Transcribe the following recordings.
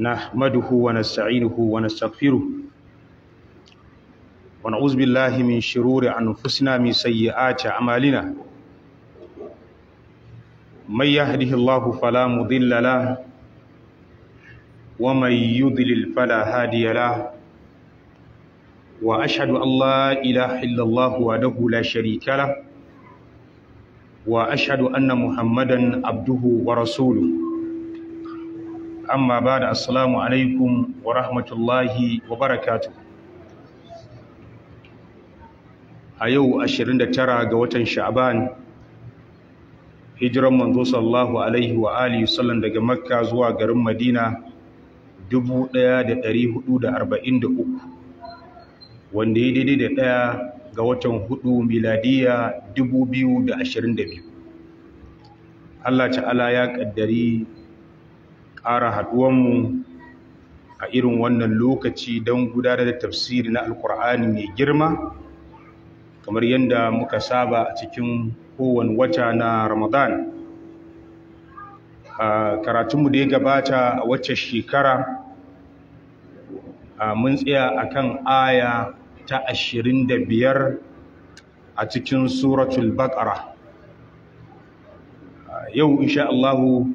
نحمده ونستعينه ونستغفره ونعوذ بالله من شرور أنفسنا من سيئات أعمالنا من يهده الله فلا مضل له ومن يضلل فلا هادي له وأشهد أن لا إله إلا الله وحده لا شريك له وأشهد أن محمدا عبده ورسوله amma ba da assalamu alaikum wa rahmatullahi wa barakatu a yau 29 ga watan sha'aban hijiran manzo sallallahu alaihi wa alihi sallan daga makka zuwa garin madina 1443 wanda ya daidai da ɗaya ga watan hudu miladiya 2022 Allah ta'ala ya ƙaddari ƙara haɗuwanmu a irin wannan lokaci don gudanar da tafsiri na alkur'ani mai girma kamar yadda muka saba a cikin kowane wata na ramadan a karatunmu da ya gabata a wacce shekara mun tsaya kan aya ta ashirin da biyar a cikin suratul bakara yau insha Allahu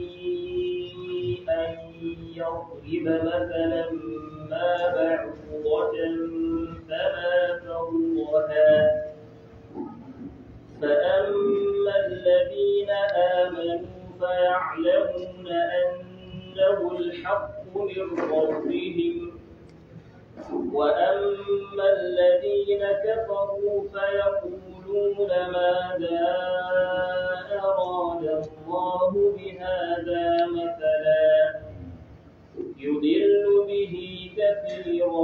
نضرب مثلا ما بعوضة فما فوقها فأما الذين آمنوا فيعلمون أنه الحق من ربهم وأما الذين كفروا فيقولون ماذا أراد الله بهذا مثلاً يضل به كثيرا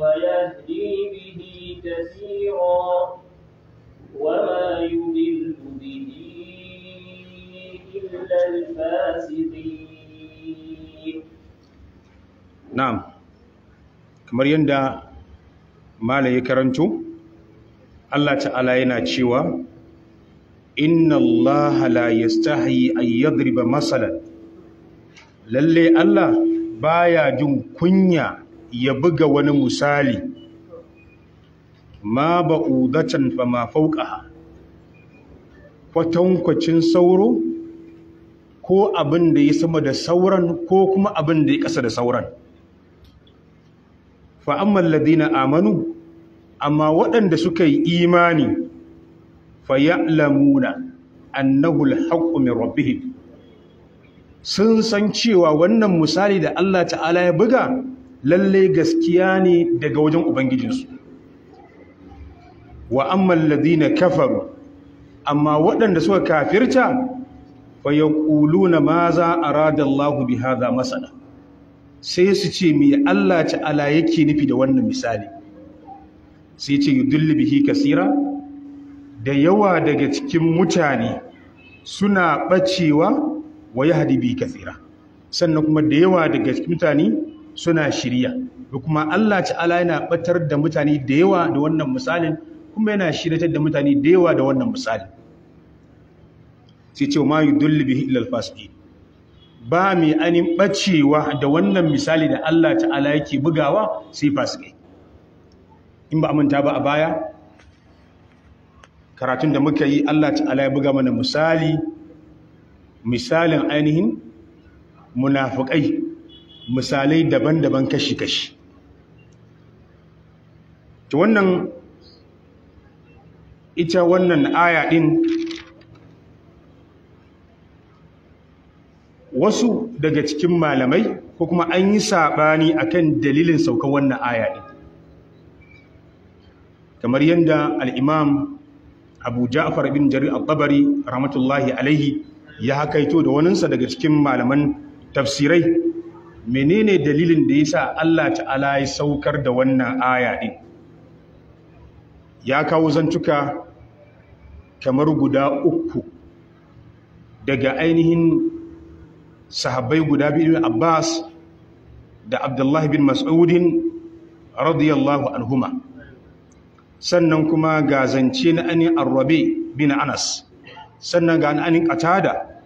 ويهدي به كثيرا وما يضل به إلا الفاسقين نعم kamar yadda malam ya karanto Allah ta'ala yana cewa inna Allah la yastahi an yadriba masalan lalle Allah baya jin kunya ya buga wani misali ma ba'udatan fa ma fauka kwatankwacin sauro ko abin da ya sama da sauran ko kuma abin da ya ƙasa da sauran fa'amman ladina amanu amma waɗanda suka yi imani fa faya'lamuna annahul haƙƙumin rabbihim sun san cewa wannan misali da Allah ta'ala ya buga lalle gaskiya ne daga wajen ubangijinsu wa amman ladina kafaru amma waɗanda suka kafirta fa yaquluna ma za arada Allah bi hadha masala sai su ce me Allah ta'ala yake nufi da wannan misali sai ce yudullu bihi kasira da yawa daga cikin mutane suna ɓacewa? wa yahdi bi kathira sannan kuma da yawa daga mutane suna shirya da kuma Allah ta'ala yana batar da mutane da yawa da wannan misalin kuma yana shiratar da mutane da yawa da wannan misalin sai ce ma yudullu bihi ilal fasiki ba mai anin bacewa da wannan misali da Allah ta'ala yake bugawa sai fasiki in ba manta ba a baya karatun da muka yi Allah ta'ala ya buga mana misali misalin ainihin munafukai misalai daban-daban kashi-kashi ta wannan ita wannan aya ɗin wasu daga cikin malamai ko kuma an yi saɓani akan dalilin saukan wannan aya kamar yadda al'imam abu ja'far bin jari al rahmatullahi alaihi ya hakaito da waninsa daga cikin malaman tafsirai menene dalilin da ya sa Allah ta'ala ya saukar da wannan aya ɗin ya kawo zantuka kamar guda uku daga ainihin sahabbai guda biyu Abbas da Abdullahi bin Mas'udin radiyallahu anhuma sannan kuma ga zance na ani arrabe bin anas sannan ga anin qatada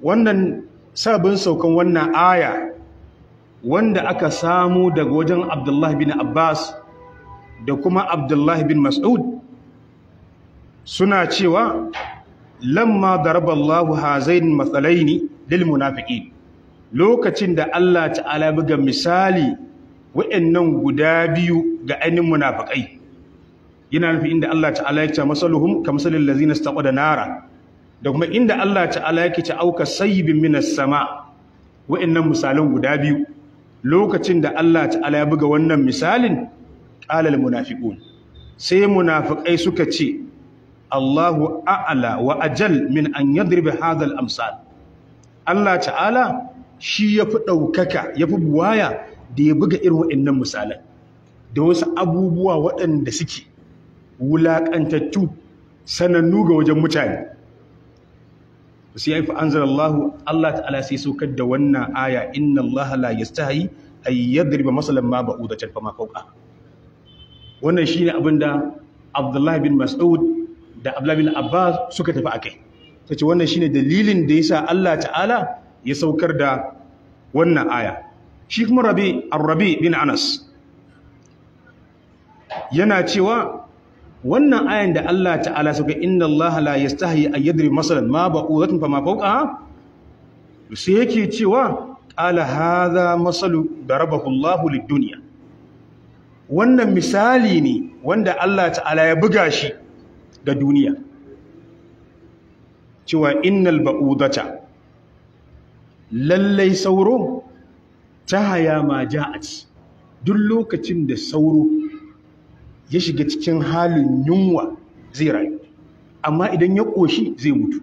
wannan sabbin saukan wannan aya wanda aka samu daga wajen Abdullah bin Abbas da kuma Abdullah bin Mas'ud suna cewa lamma daraballahu hazain mathalaini lil munafiqin lokacin da Allah ta'ala buga misali wa'annan guda biyu ga ainihin munafiqai yana nufi inda Allah ta'ala yake masaluhum kamsalil ladzina istaqada nara da kuma inda Allah ta'ala yake ta auka sayyibin minas sama wa'annan misalan guda biyu lokacin da Allah ta'ala ya buga wannan misalin qala al munafiqun sai munafiqai suka ce Allahu a'ala wa ajal min an yadriba hadha al amsal Allah ta'ala shi yafi daukaka yafi buwaya da ya buga irin wa'annan misalan da wasu abubuwa waɗanda suke wulaƙantattu sanannu ga wajen mutane sai ya fi anzalallahu Allah ta'ala sai saukar da wannan aya inna Allah la yastahi ay yadriba masalan ma ba'udatan fama fawqa wannan shine abin da Abdullah bin Mas'ud da Abdullah bin Abbas suka tafi a akai tace wannan shine dalilin da yasa Allah ta'ala ya saukar da wannan aya shi kuma Rabi ar bin Anas yana cewa wannan ayan da Allah ta'ala suka inna Allah la yastahi an yadri masalan ma ba'uratun fa ma fawqa sai yake cewa qala hadha masalu darabahu Allah lid-dunya wannan misali ne wanda Allah ta'ala ya buga shi ga duniya cewa innal ba'udata lallai sauro ta haya ma ja'at duk lokacin da sauro ya shiga cikin halin yunwa zai rayu amma idan ya ƙoshi zai mutu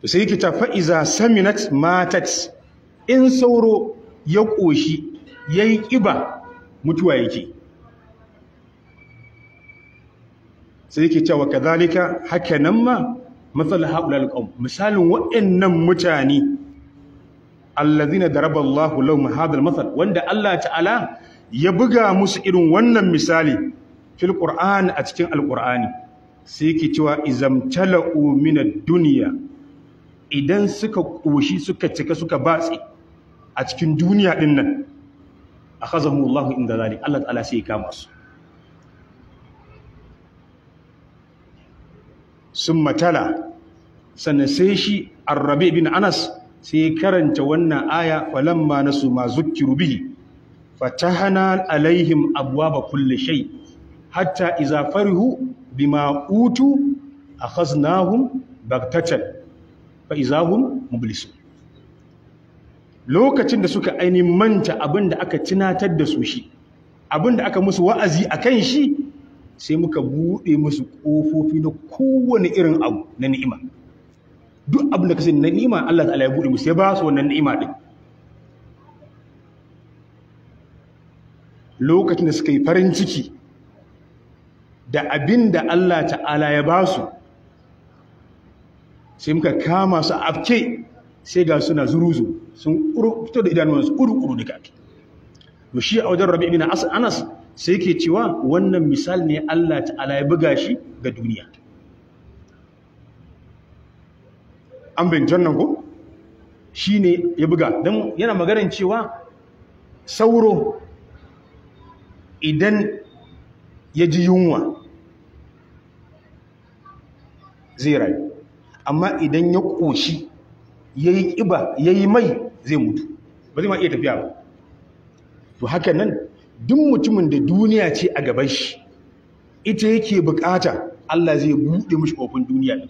to sai kita fa'iza saminat matat in sauro ya ƙoshi ya yi ƙiba mutuwa yake sai ke cewa kazalika haka nan ma matsala haɓular ƙaun misalin waɗannan mutane allazina daraba Allahu lahum hadal matsal wanda Allah ta'ala ya buga musu irin wannan misali fil qur'an a cikin alqur'ani sai yake cewa izamtala'u min ad-dunya idan suka koshi suka cika suka batsi a cikin duniya din nan akhazahu Allahu inda zalik Allah ta'ala sai ya kama su sun matala sannan sai shi arrabi bin anas sai karanta wannan aya walamma nasu ma zukkiru bihi fatahana alaihim abwaba kulli shay hatta idza farihu bima utu akhaznahum baghtatan fa idza lokacin da suka ainihin manta abin da aka tunatar da su shi abin da aka musu wa'azi a kan shi sai muka buɗe musu ƙofofi na kowane irin abu na ni'ima duk abin da ka na ni'ima Allah ta'ala ya buɗe musu ya ba su wannan ni'ima din lokacin da suka yi farin ciki da abin da Allah ta'ala ya ba su sai muka kama su afke sai ga suna zuruzu sun fito da idanuwansu kuru-kuru duka ake da shi a wajen rabi ibina anas sai ke cewa wannan misal ne Allah ta'ala ya buga shi ga duniya an bincin nan ko shi ne ya buga don yana maganin cewa sauro idan ya ji yunwa zai rayu amma idan ya ƙoshi ya yi ƙiba ya yi mai zai mutu ba zai ma iya tafiya ba to haka nan duk mutumin da duniya ce a gaban shi ita yake bukata Allah zai buɗe mishi ƙofin duniya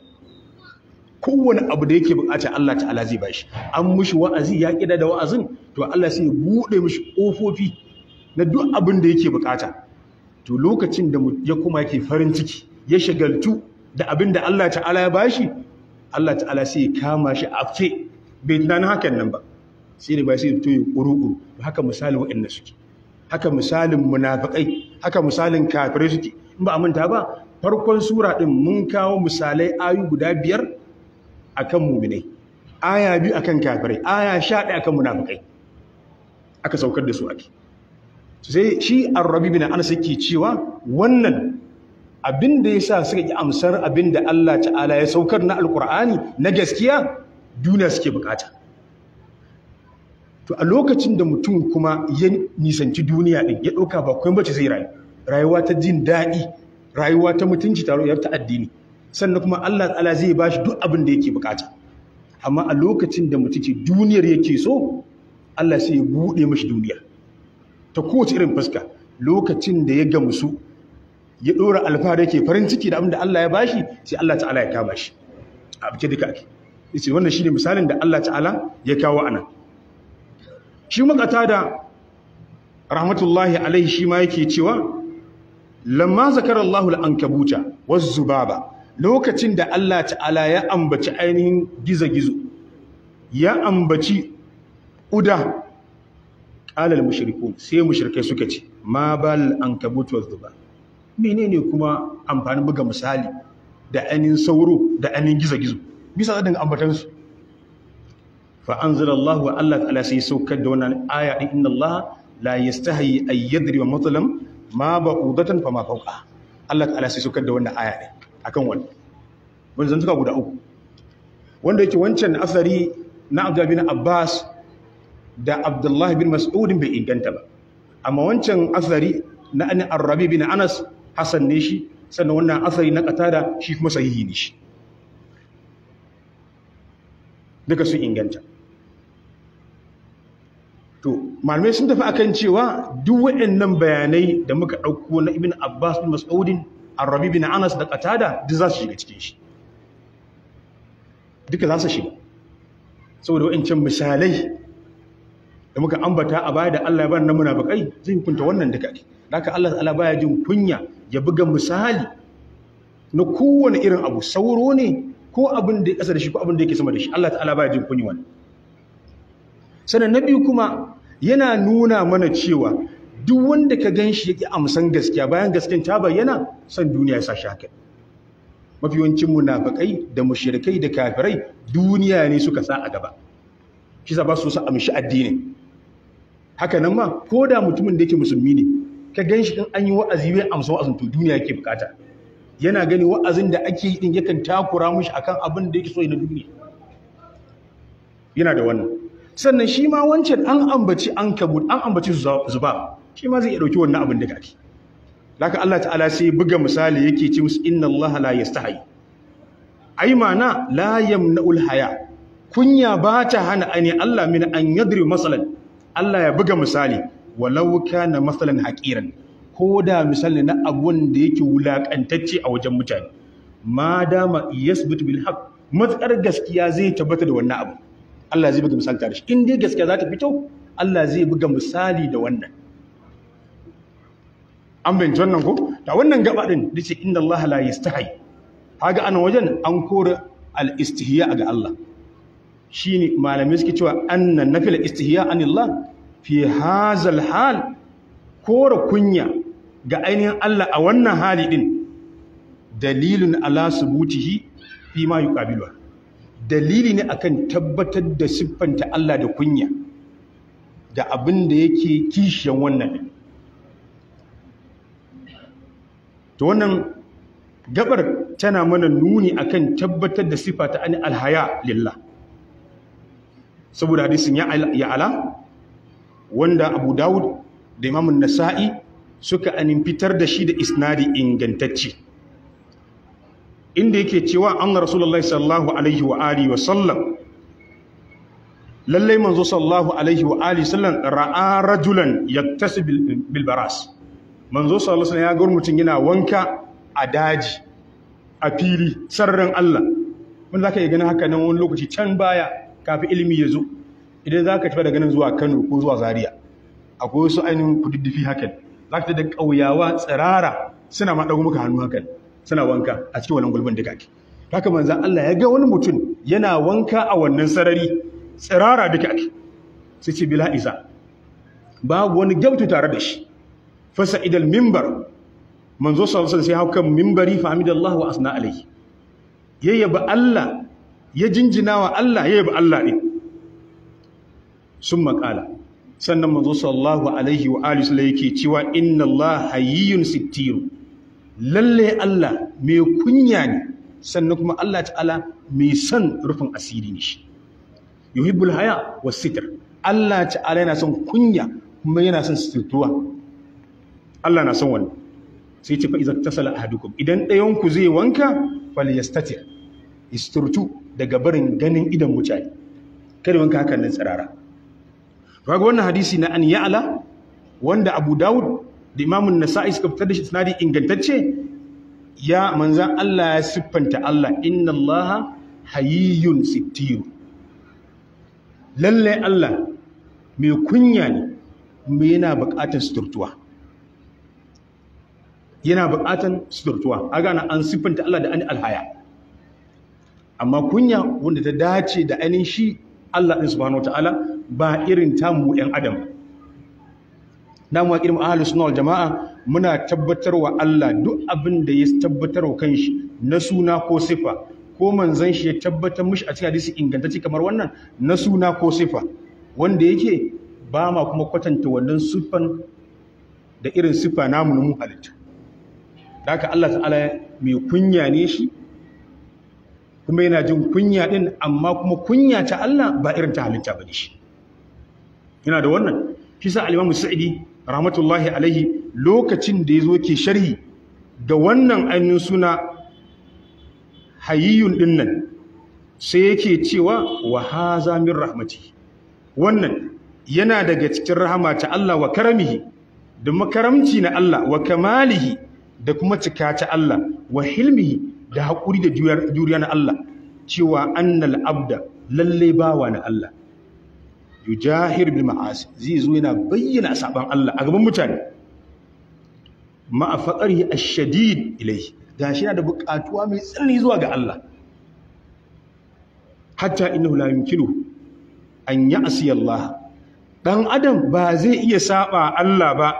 kowane abu da yake bukata Allah ta'ala zai shi. an mishi wa'azi ya kida da wa'azin to Allah sai ya buɗe mishi ƙofofi na duk abin da yake bukata to lokacin da ya kuma yake farin ciki ya shagaltu da abin da Allah ta'ala ya bashi Allah ta'ala sai ya kama shi afke bai tunanin hakan nan ba sai ne ba sai fito ya kuru haka misalin waɗanda suke haka misalin munafiqai haka misalin kafirai suke in ba a manta ba farkon sura din mun kawo misalai ayu guda biyar akan mu'minai aya biyu akan kafirai aya 11 akan munafiqai aka saukar da su ake sai shi al-rabi bin anas sake cewa wannan abin da ya sa suka ki amsar abin da Allah ta'ala ya saukar na alkur'ani na gaskiya duniya suke bukata to a lokacin da mutum kuma ya nisanci duniya din ya ɗauka ba kuma bace zai rayu rayuwa ta jin daɗi rayuwa ta mutunci ta rayuwa ta addini sannan kuma Allah ta'ala zai ba shi duk abin da yake bukata amma a lokacin da mutum ke duniyar yake so Allah sai ya buɗe mashi duniya ta kowace irin fuska lokacin da ya gamu su ya dora alfahari yake farin ciki da abinda Allah ya bashi sai Allah ta'ala ya kama shi a bike duka ake yace wannan shine misalin da Allah ta'ala ya kawo anan shi makata da rahmatullahi alaihi shi ma yake cewa lamma zakara Allahu al-ankabuta waz-zubaba lokacin da Allah ta'ala ya ambaci ainihin gizo-gizo ya ambaci uda qalal mushrikun sai mushrikai suka ce ma bal ankabut wa dhuba menene kuma amfani buga misali da anin sauro da anin gizo-gizo bisa da ambatan su fa anzalallahu Allah ta'ala sai saukar da wannan aya din inna Allah la yastahi ay yadri wa matlam ma ba'udatan fa ma fawqa Allah ta'ala sai saukar da wannan aya din akan wannan mun zantuka guda uku wanda yake wancan asari na Abdullah bin Abbas da Abdullahi bin Mas'udin bai inganta ba amma wancan asari na an Arabi bin Anas hasan ne shi sannan wannan asari na Qatada shi kuma sahihi ne shi duka sun inganta to malamai sun tafi akan cewa duk waɗannan bayanai da muka ɗauko na Ibn Abbas bin Mas'udin Arabi bin Anas da Qatada duk za su shiga cikin shi duka za su shiga saboda waɗancan misalai da muka ambata a baya da Allah ya bani na munafikai zai hukunta wannan duka ne haka Allah ta'ala baya jin kunya ya buga misali na kowane irin abu sauro ne ko abin da ya kasa da shi ko abin da yake sama da shi Allah ta'ala baya jin kunya wannan sannan na biyu kuma yana nuna mana cewa duk wanda ka gan shi yake amsan gaskiya bayan gaskiyan ta bayyana san duniya ya sa shi haka yawancin munafikai da mushrikai da kafirai duniya ne suka sa a gaba shi ba su sa amshi addini haka nan ma ko da mutumin da yake musulmi ne ka gan shi ɗin an yi wa'azi bai amsa wa'azin to duniya yake bukata yana gani wa'azin da ake yi ɗin yakan takura mushi akan abin da yake so na duniya yana da wannan sannan shi ma wancan an ambaci an kabut an ambaci zuba shi ma zai iya ɗauki wannan abin da gafi laka Allah ta'ala sai buga misali yake ce musu inna Allah la yastahi ai mana la yamna'ul haya kunya ba ta hana ani Allah min an yadri masalan Allah ya buga misali walau kana masalan hakiran, ko da misali na abun da yake wulaƙantacce a wajen mutane ma dama yasbut bil haqq matsar gaskiya zai tabbata da wannan abu Allah zai buga misali tare shi in dai gaskiya za ta fito Allah zai buga misali da wannan an bayyana wannan ko ta wannan gaba din dace inna Allah la yastahi haga ana wajen an kore al istihya ga Allah ne malamai suke cewa annan nafil istihya anillah fi hazal hal kora kunya ga ainihin Allah a wannan hali din dalilin ala subutihi fi ma yuqabilu dalili ne akan tabbatar da siffanta Allah da kunya da abin da yake kishiyan wannan to wannan gabar tana mana nuni akan tabbatar da siffata ta alhaya lillah saboda hadisin ya'ala wanda abu dawud da imamun nasa'i suka anin fitar da shi da isnadi ingantacci. inda yake cewa an na rasulallah sallallahu alaihi wa alihi wa sallam lallai manzo sallallahu alaihi wa alihi sallam ra'a rajulan ya bil baras manzo sallallahu alaihi ya ga mutum yana wanka a daji a fili sarran Allah wanda zaka yi ganin haka nan wani lokaci can baya kafin ilimi ya zo idan za ka tafi daga nan zuwa kano ko zuwa Zariya, akwai wasu ainihin kududdufi hakan za ka da ƙauyawa tsirara suna ma ɗago muka hannu hakan suna wanka a cikin wannan gulbin duka ake haka manzan Allah ya ga wani mutum yana wanka a wannan sarari tsirara duka ake sai ce bila isa babu wani gabtu tare da shi fasa idal mimbar manzo sallallahu alaihi sai haukan mimbari fa Allah wa asna alaihi yayyaba Allah ya jinjina wa Allah ya yabi Allah ne sun makala sannan manzo sallallahu alaihi wa alihi sallai yake cewa inna Allah hayyun sittiru lalle Allah mai kunya ne sannan kuma Allah ta'ala mai son rufin asiri ne shi yuhibbul haya was sitr Allah ta'ala yana son kunya kuma yana son sitirtuwa Allah na son wannan sai ce fa iza tasala ahadukum idan ɗayan ku zai wanka fal yastatir isturtu daga barin ganin idan mutane kada wanka hakan nan tsirara kaga wannan hadisi na an ya'ala, wanda Abu Dawud da imamun nasai suka fitar da shi sanadi ingantacce ya manzan Allah ya siffanta Allah inna Allah hayyun sittiru lalle Allah mai kunya ne mai yana buƙatar suturtuwa yana bukatar suturtuwa a gana an siffanta Allah da an alhaya amma kunya wanda ta dace da ainihin shi Allah ɗin subhanahu ta'ala ba irin tamu 'yan adam Na mu kirmu ahalus na jamaa muna tabbatarwa Allah duk abin da ya tabbatarwa kanshi na suna ko sifa ko manzan shi ya tabbatar mushi a cikin hadisi ingantacce kamar wannan na suna ko sifa wanda yake ba ma kuma kwatanta wannan siffan da irin siffa namu na mu halitta haka Allah ta'ala mai kunya ne shi kuma yana jin kunya din amma kuma kunya ta Allah ba irin ta halitta ba shi yana da wannan shi sa al-Imam Sa'idi rahmatullahi alaihi lokacin da ya zo ke sharhi da wannan ainihin suna hayyun dinnan sai yake cewa wa haza min rahmati wannan yana daga cikin rahama ta Allah wa karamihi da makaramci na Allah wa kamalihi da kuma cika ta Allah wa hilmihi da haƙuri da juriya na Allah cewa annal abda lallai bawa na Allah yujahir bil ma'asi zai zo yana bayyana saban Allah a gaban mutane ma'afaƙar faqari a shadid ilayhi gashi yana da buƙatuwa mai tsanani zuwa ga Allah hatta innahu la yumkinu an ya'si Allah dan adam ba zai iya saba Allah ba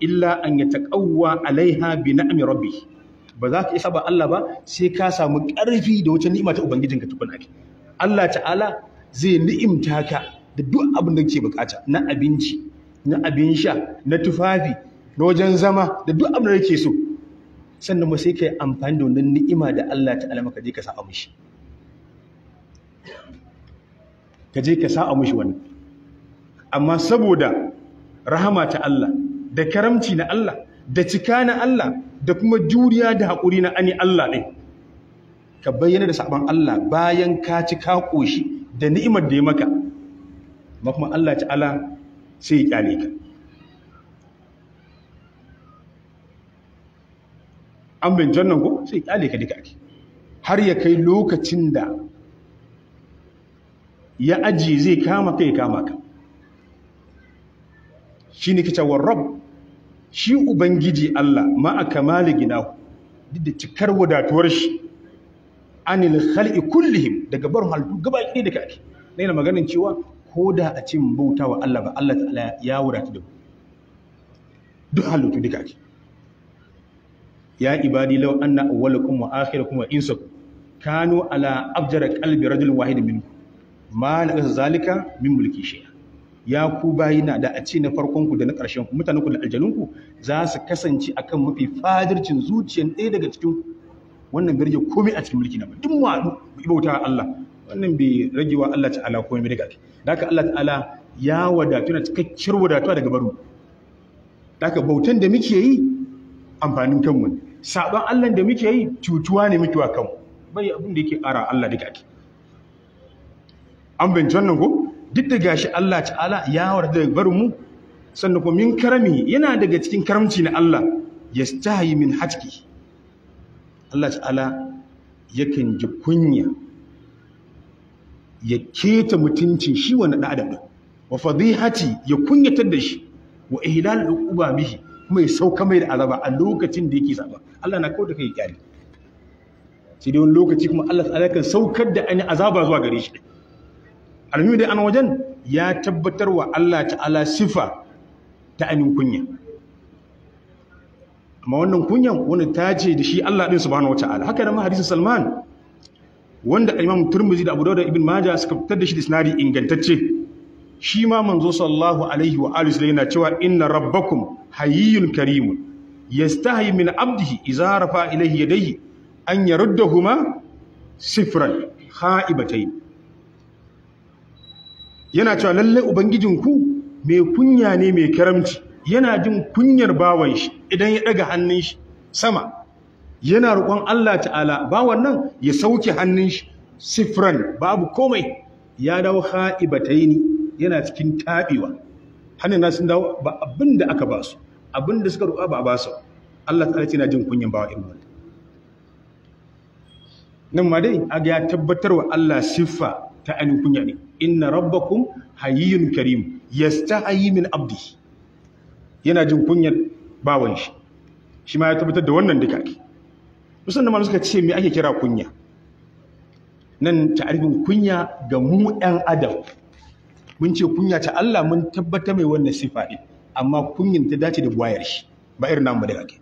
illa an yataqawwa alaiha bi na'mi rabbih ba za ka isa ba Allah ba sai ka samu ƙarfi da wacce ni'ima ta ubangijinka tukuna ake Allah ta'ala zai ni'imta ka da duk abin da ke bukata na abinci na abin sha na tufafi na wajen zama da duk abin da yake so sannan sai ka yi amfani da wannan ni'ima da Allah ta'ala maka je ka sa amushi. ka je ka sa amushi wannan amma saboda rahama ta Allah da karamci na Allah da cika na Allah da kuma juriya da haƙuri na ani Allah ɗin ka bayyana da sabon Allah bayan ka ci ka ƙoshi da ni'imar da ya maka ma kuma Allah ala sai ya ƙyale ka an bin jannan ko sai ya ƙyale ka duka ake har ya kai lokacin da ya aji zai kama kai kama ka shi ne kicewar rabu shi ubangiji Allah ma a kamali ginahu duk da cikar wadatuwar shi anil khalqi kullihim daga bar halittu gaba ɗaya da kake na yana maganin cewa ko da a ce mun bauta wa Allah ba Allah ta'ala ya wadatu da duk halittu duka ake ya ibadi law anna awwalakum wa akhirakum wa insakum kanu ala abjara qalbi rajul wahid minkum ma la zalika min mulki shay'a ya ku bayina da a ce na farkonku da na ƙarshenku ku da aljanunku za su kasance akan mafi fadircin zuciyan ɗaya daga cikin wannan garje komai a cikin mulki na duk mu haɗu mu bauta Allah wannan bai rage wa Allah ta'ala komai mai daga da haka Allah ta'ala ya wadatu na cikakkiyar wadatuwa daga baro da bautan da muke yi amfanin kanmu ne saɓon Allah da muke yi cutuwa ne muke wa kanmu bai abin da yake ƙara Allah daga ake an bincin nan ko duk da gashi Allah ta'ala ya warda da barin mu sannan kuma min karami yana daga cikin karamci na Allah yastahi min hajji. Allah ta'ala yakan ji kunya ya keta mutuncin shi wani da adam wa fadihati ya kunyatar da shi wa ihlal uquba bihi kuma ya sauka mai da azaba a lokacin da yake saba Allah na kauda kai kyale sai dai wani lokaci kuma Allah ta'ala kan saukar da ani azaba zuwa gare shi alhimi dai an wajen ya tabbatar wa Allah ta'ala sifa ta kunya amma wannan kunyan wani tace da shi Allah din subhanahu wataala haka da ma hadisin Salman wanda Imam Turmuzi da Abu Dawud da Ibn Majah suka fitar da shi da isnadi ingantacce shi ma manzo Sallahu alaihi wa alihi yana cewa inna rabbakum hayyun karimun yastahi min abdihi idza rafa ilayhi yadayhi an yaruddahuma sifran khaibatayn yana cewa lalle ku mai kunya ne mai karamci yana jin kunyar bawan shi idan ya daga hannun shi sama yana roƙon Allah ta'ala bawan nan ya sauke hannun shi sifran babu komai ya dawo haibataini yana cikin tabiwa hannun nasu dawo ba abinda aka ba su abinda suka roƙa ba a ba Allah ta'ala yana jin kunyar bawa irin wannan nan ma dai aga ya tabbatar wa Allah siffa ta ainihin kunya ne inna rabbakum hayyun karim yastahi min abdi yana jin kunyar bawan shi shi ma ya tabbatar da wannan duka ke musamman ma suka ce me ake kira kunya nan ta'arifin kunya ga mu ɗan adam mun ce kunya ta Allah mun tabbata mai wannan sifa ɗin amma kunyin ta dace da wayar shi ba irin namu da ake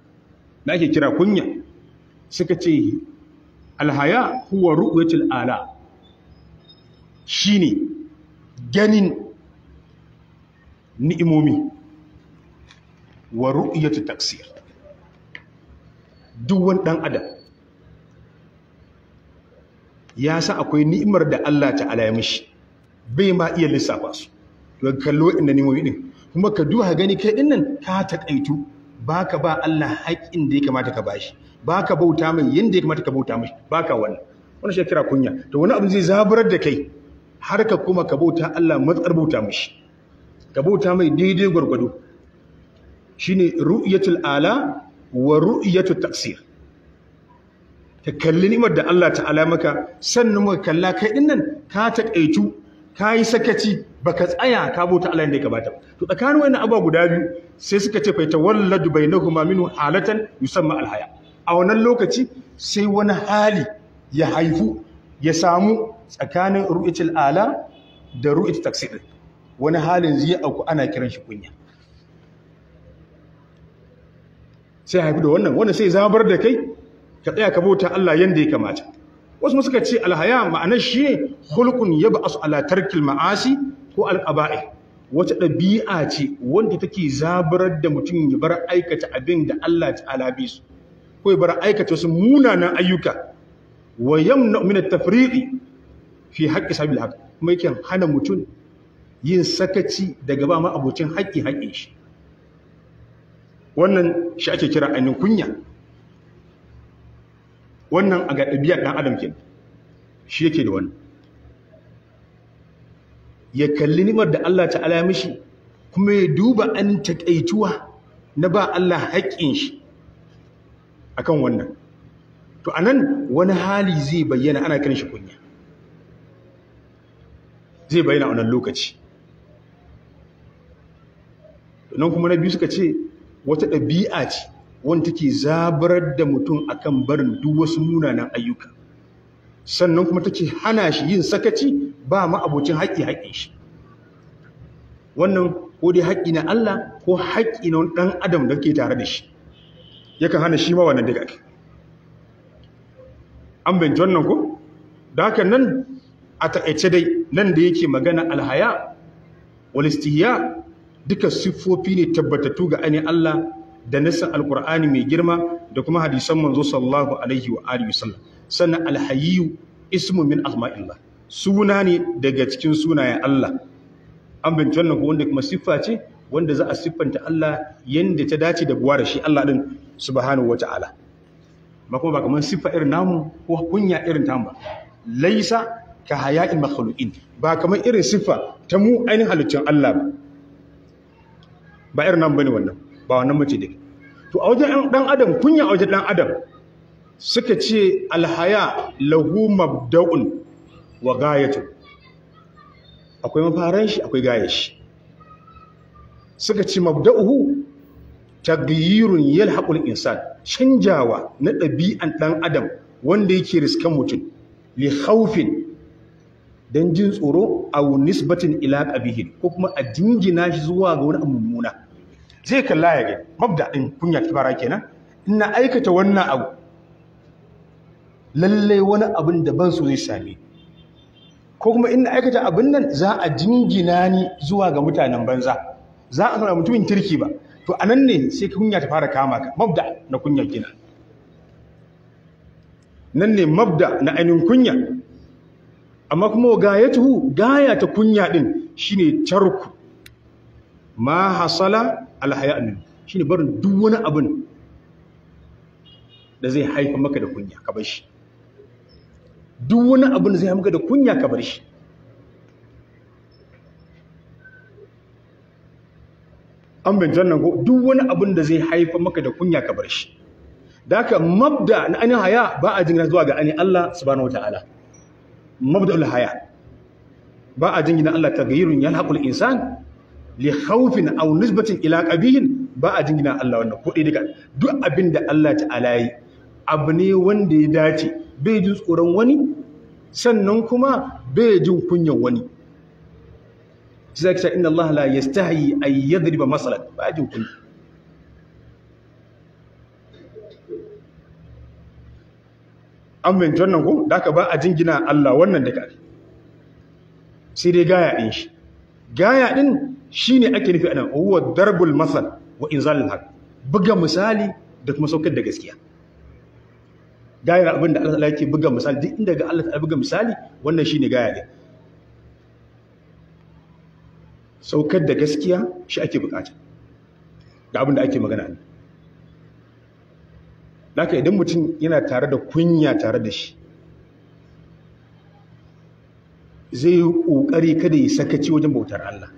ake kira kunya suka ce alhaya huwa ru'yatul ala shi ne ganin ni'imomi wa ru'yatu taksir duk wani ɗan adam ya sa akwai ni'imar da Allah ta ya bai ma iya lissafa su to kallo inda ni'imomi din kuma ka duha gani kai dinnan nan ka takaitu baka ba Allah haƙin da ya kamata ka bashi baka bauta mai yanda ya kamata ka bauta mai baka wannan wannan shi kira kunya to wani abu zai zaburar da kai har ka kuma ka bauta Allah matsar bauta mashi ka bauta mai daidai gwargwado shine ru'yatul ala wa ru'yatut tafsir ka kalli nimar da Allah ta'ala maka sannan mu kalla kai din nan ka taƙaitu ka yi sakaci baka tsaya ka bauta Allah inda ya kamata to tsakanin wannan abuwa guda biyu sai suka ce faita walladu bainahuma minhu halatan yusamma alhaya a wannan lokaci sai wani hali ya haifu ya samu tsakanin ru'itul ala da ru'it taksir wani halin zai auku ana kiran shi kunya sai haifi da wannan wannan sai zabar da kai ka tsaya ka bauta Allah yanda ya kamata wasu suka ce alhaya ma'anar shi ne hulkun yab'asu ala tarkil ma'asi ko alqaba'i wata ɗabi'a ce wanda take zabarar da mutum ya bar aikata abin da Allah ta'ala bi su ko ya bar aikata wasu munanan ayyuka wa yamna min at-tafriqi fi haqqi sabil haqq kuma yake hana mutum yin sakaci daga ba ma abocin haƙƙi haƙƙin shi wannan shi ake kira ainihin kunya wannan a ga ɗabi'ar ɗan adam kenan shi yake da wannan ya kalli nimar da Allah ta'ala mishi kuma ya duba an taƙaituwa na ba Allah haƙƙin shi akan wannan to a nan, wani hali zai bayyana ana kiran shi kunya zai bayyana a wannan lokaci nan kuma na biyu suka ce wata ɗabi'a ce wanda take zabarar da mutum a kan barin duk wasu munanan ayyuka sannan kuma take hana shi yin sakaci ba ma abocin haƙƙi haƙƙin shi wannan ko dai haƙƙi na Allah ko haƙƙi na ɗan adam da ke tare da shi yakan hana shi ma wannan daga kai an binci wannan ko da haka nan a taƙaice dai nan da yake magana alhaya walistiya duka siffofi ne tabbatattu ga ainihin Allah da nassan alkur'ani mai girma da kuma hadisan manzo sallallahu alaihi wa alihi wasallam sannan alhayyu ismu min asma'illah suna ne daga cikin sunayen Allah an binci wannan ko wanda kuma siffa ce wanda za a siffanta Allah yanda ta dace da buwa da shi Allah din subhanahu wata'ala ba kuma ba kamar siffa irin namu ko kunya irin tamu ba laisa ka haya'in makhluqin ba kamar irin siffa ta mu ainihin halittun Allah ba ba irin nan bane wannan ba wannan mace dake to a wajen dan adam kunya a wajen dan adam suka ce alhaya lahu mabda'un wa gayatu akwai mafaran shi akwai gayashi suka ce mabda'uhu taghyirun yalhaqul insan canjawa na ɗabi'an ɗan adam wanda yake riskan mutum li khawfin dan jin tsoro aw nisbatin ila qabihin ko kuma a jingina shi zuwa ga wani mummuna zai kalla ya ga mabda din kunya kibara kenan ina aikata wannan abu lallai wani abin da ban so zai same ko kuma ina aikata abin nan za a jingina ni zuwa ga mutanen banza za a sanar mutumin kirki ba to a nan ne sai kunya ta fara kama ka mabda na kunya gina nan ne mabda na ainihin kunya amma kuma gayatuhu gaya ta kunya din shine tarku ma hasala alhaya shi shine barin duk abin da zai haifa maka da kunya ka bar shi duk wani abin da zai haifa maka da kunya ka bar shi an bin ko duk wani abin da zai haifa maka da kunya ka bar shi da haka mabda na ainihin haya ba a jingina zuwa ga ainihin Allah subhanahu wataala mabda'ul haya ba a jingina Allah taghayyurun yalhaqul insan li khawfin aw nisbatin ila qabihin ba a jingina Allah wannan ko daga duk abin da Allah ta'ala yi abu ne wanda ya dace bai jin tsoron wani sannan kuma bai jin kunyan wani shi zaki cewa inna Allah la yastahi ay yadriba masalan ba jin kun an bin wannan ko da ka ba a jingina Allah wannan da kare sai dai gaya din shi gaya din shine ake nufi anan huwa darbul masal wa al haq buga misali da kuma saukar da gaskiya Gaya abin da Allah yake buga misali duk inda ga Allah ta buga misali wannan shine gaya din saukar da gaskiya shi ake bukata da abin da ake magana ne haka idan mutum yana tare da kunya tare da shi zai yi ƙoƙari kada ya sakaci wajen bautar Allah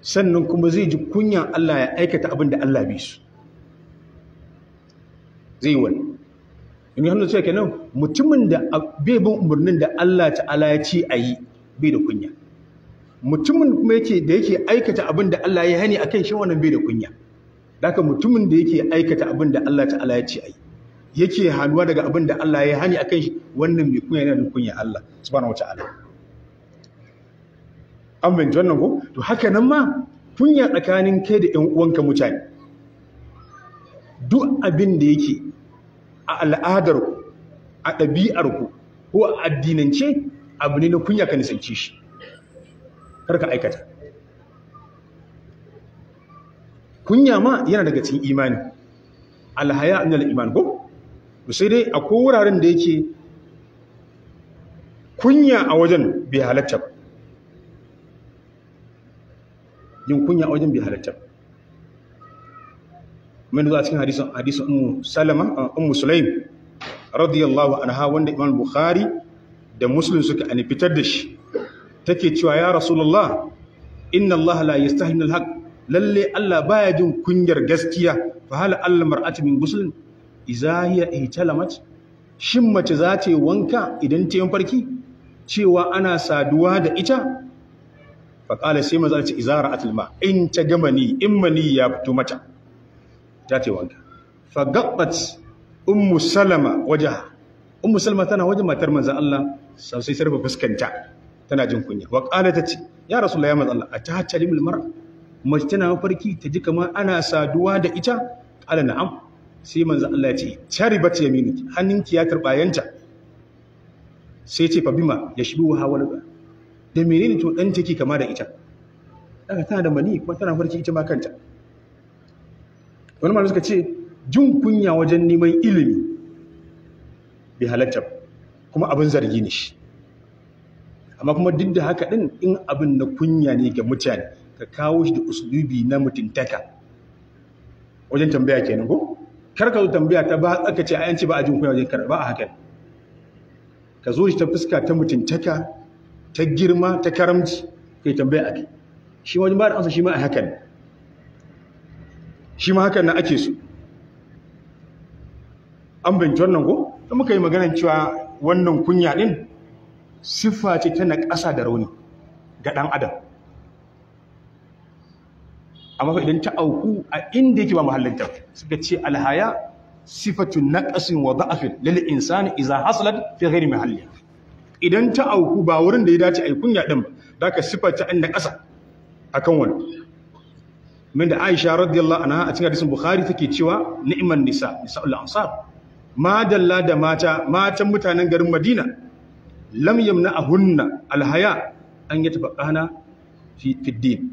sannan kuma zai ji kunyan Allah ya aikata abin da Allah bi su zai wani in yi hannun cewa nan, mutumin da bai bin umarnin da Allah ta'ala ya ce a yi bai da kunya mutumin kuma yake da yake aikata abin da Allah ya hani akan shi wannan bai da kunya daga mutumin da yake aikata abin da Allah ta'ala ya ce ai yake hanuwa daga abin da Allah ya hani akan shi wannan mai kunya ne da kunya Allah subhanahu wata'ala an bin wannan ko to haka nan ma kunya tsakanin kai da ɗan uwanka mutane duk abin da yake a al'adar ku a ɗabi'arku, ku ko a addinance abu ne na kunya ka nisance shi karka aikata kunya ma yana daga cikin imani alhaya min al-iman ko sai dai akwai wuraren da yake kunya a wajen bai halatta yin kunya a wajen bai halatta Mun من ذا cikin حديث حديث أم سلمة أم سليم رضي الله عنها da muslim suka ani da shi take cewa ya rasulullah inna allaha la yastahi min alhaq lalle allah baya jin kunyar gaskiya fa hal al mar'atu min guslin idza hiya ihtalamat shin mace za ta yi wanka idan ta yi farki cewa ana saduwa da ita fa qala sai maza ce idza ra'at alma in ta gama ni in mani ya fito mata ta ta wanka fa gabbat ummu salama wajaha ummu salama tana wajen matar manzon Allah sai sai sarfa fuskanta tana jin kunya wa kala ta ce ya rasulullahi manzo Allah atahtalimul mar'a mace tana mafarki ta ji kamar ana saduwa da ita kala na'am sai manzo Allah ya ce charibat yaminiki hannunki ya karbayanta sai ce fa bima yashbuha wal da menene to dan take kama da ita daga tana da mani kuma tana farki ita ma kanta wani malamai suka ce jin kunya wajen neman ilimi bai halatta kuma abin zargi ne shi amma kuma duk da haka din in abin na kunya ne ga mutane ka kawo shi da usulubi na mutuntaka wajen tambaya kenan ko kar ka zo tambaya ta ba aka ce ayanci ba a jin kunya wajen ba a hakan ka zo shi ta fuska ta mutuntaka ta girma ta karamci kai tambaya a kai shi wajen ba da amsa shi ma a haka shi ma hakan na ake so an binci wannan ko da muka yi maganar cewa wannan kunya din siffa ce tana ƙasa da rauni ga ɗan adam amma fa idan ta auku a inda yake ba mahallinta suka ce alhaya sifatu ƙasin wa za'afin lalle insani iza hasalat fi gari mahalliha idan ta auku ba wurin da ya dace yi kunya ɗin ba ka sifa ta inda ƙasa a kan wani min da Aisha radiyallahu anha a cikin hadisin Bukhari take cewa ni'man nisa nisa'ul ansar ma dalla da mata matan mutanen garin Madina lam ahunna alhaya an yi yatafaqana fi din,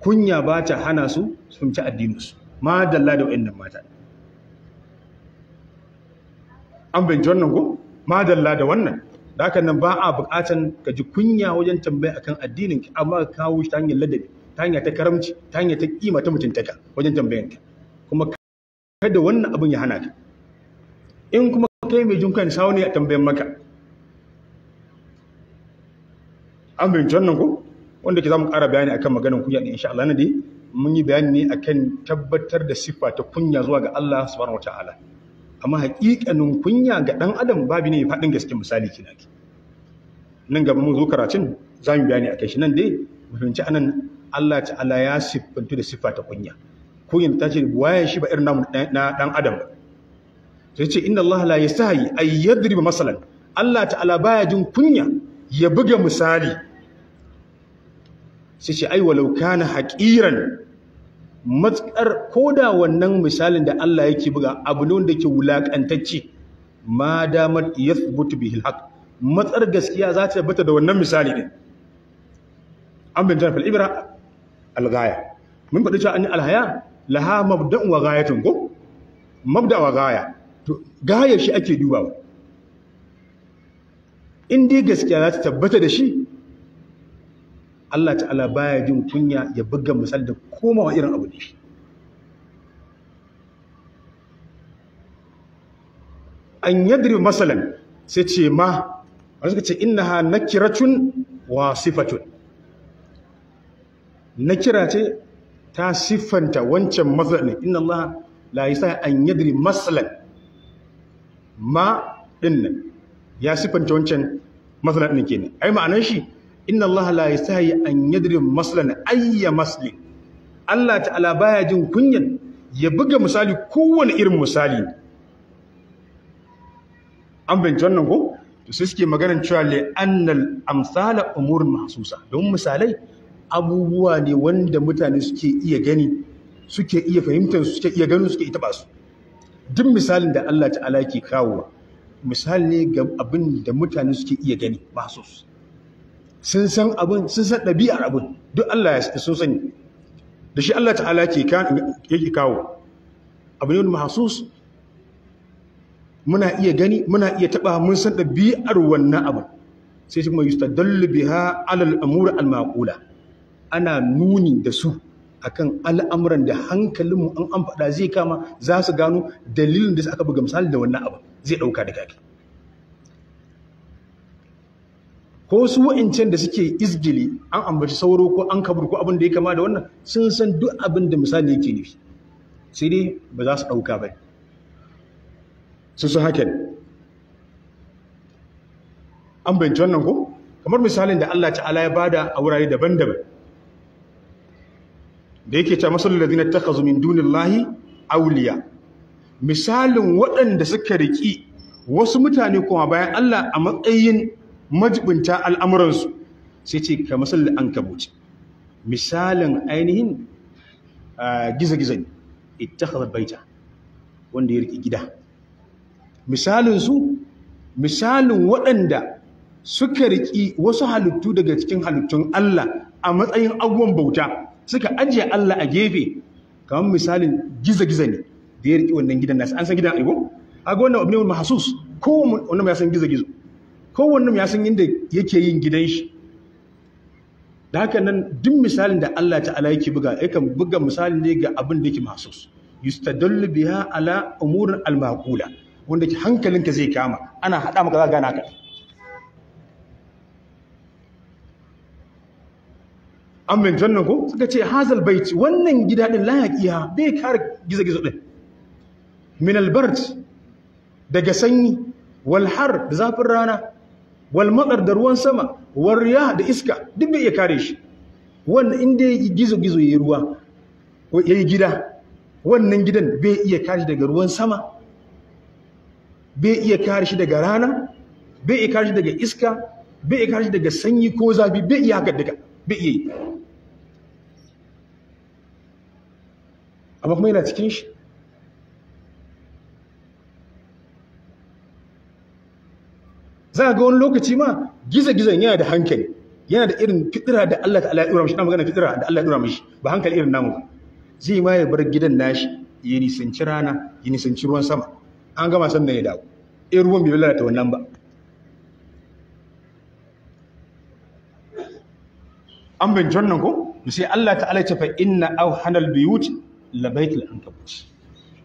kunya ba ta hana su su ci addininsu ma dalla da wa'annan mata an bai wannan ko ma dalla da wannan da haka nan ba a bukatan ka ji kunya wajen tambaya akan addinin ki amma ka kawo shi ta hanyar ladabi ta hanyar ta karamci ta hanyar ta kima ta mutuntaka wajen tambayanka kuma kada wannan abin ya hana ka in kuma kai mai jin kan sawo ne a tambayan maka an bayyance wannan ko wanda ke za mu ƙara bayani akan maganar kunya ne insha Allah na dai mun yi bayani ne akan tabbatar da siffa ta kunya zuwa ga Allah subhanahu ta'ala amma haƙiƙanin kunya ga ɗan adam babu ne faɗin gaske misali kina ki nan gaba mun zo karatun za mu bayani akan shi nan dai mu fahimci anan Allah ta'ala ya siffantu da siffa ta kunya kunya ta ce waye shi ba irin namu na ɗan adam sai ce inna Allah la yastahi ay yadriba masalan Allah ta'ala baya jin kunya ya buga misali sai ce ai walau kana haqiran matsar koda wannan misalin da Allah yake buga abu ne wanda ke wulakantacce ma damar yathbutu bihi alhaq matsar gaskiya za ta tabbata da wannan misali ne an bin tarfal ibra alghaya mun faɗi cewa an alhaya laha mabda'un wa ghayatun ko mabda wa ghaya to gaya shi ake dubawa in dai gaskiya za ta tabbata da shi Allah ta'ala baya jin kunya ya buga misal da komawa irin abu ne an yadri masalan sai ce ma wani suka ce innaha nakiratun wa sifatun nakira ce ta siffanta wancan matsalin inna Allah la yasa an yadri masalan ma dinnan ya siffanta wancan din kenan ai ma'anar shi inna Allah la yastahi an yadri maslan ayya maslin Allah ta'ala baya jin kunyan ya buga misali kowanne irin misali an binci wannan ko to sai suke maganar cewa la annal amsala umur mahsusa don misalai abubuwa ne wanda mutane suke iya gani suke iya fahimtar suke iya ganin suke ita ba su duk misalin da Allah ta'ala ke kawo misali ne ga abin da mutane suke iya gani mahsusa sun san abin sun san ɗabi'ar abin duk Allah ya sani da shi Allah ta'ala ke kawo kawo yau ne mahasus muna iya gani muna iya taba mun san ɗabi'ar wannan abin sai kuma yustadallu biha alal amur al ana nuni da su akan al'amuran da hankalinmu an an faɗa zai kama za su gano dalilin da aka buga misali da wannan abin zai ɗauka da kaki ko su wa'incan da suke izgili an ambaci sauro ko an kabur ko abin da ya kama da wannan sun san duk abin da misali yake nufi sai dai ba za su ɗauka ba su su haka ne an bayanci wannan ko kamar misalin da Allah ta'ala ya bada a wurare daban-daban da yake ta masu lalazina ta kazu min dunin lahi auliya misalin waɗanda suka riƙi wasu mutane kuma bayan Allah a matsayin majibinta al'amuransu sai ce ka masallin an kabuci misalin ainihin giza-giza ne ita baita wanda ya riƙe gida misalinsu misalin waɗanda suka riƙi wasu halittu daga cikin halittun Allah a matsayin abubuwan bauta suka ajiye Allah a gefe kamar misalin giza-giza ne da ya riƙi wannan gidan nasu an san gidan aibo a ga ne mahasus ko wannan ya san giza kowannen ya san inda yake yin gidan shi da haka nan duk misalin da Allah ta'ala yake buga yakan buga misali ne ga abin da yake masu yustadallu biha ala umurin almaqula wanda ke hankalinka zai kama ana hada maka za gana ka Amin jannan ko suka ce hazal bait wannan gida din yaqiya bai kare gizo-gizo din min albard daga sanyi wal har da zafin rana wal matsar da ruwan sama war riya da iska duk bai iya kare shi wannan inda ya gizo gizo ya ruwa ya yi gida wannan gidan bai iya kare shi daga ruwan sama bai iya kare shi daga rana bai iya kare shi daga iska bai iya kare shi daga sanyi ko zafi bai iya haka daga bai iya yi amma kuma yana cikin shi za ga wani lokaci ma gizo yana da hankali yana da irin fitira da Allah ta'ala ya dora mishi na magana fitira da Allah ya dora mishi ba hankali irin namu zai ma ya bar gidan nashi ya nisanci rana ya nisanci ruwan sama an gama sannan ya dawo in ruwan bai lalata wannan ba an bin jannan ko sai Allah ta'ala ce fa inna awhanal buyut labaitul ankabut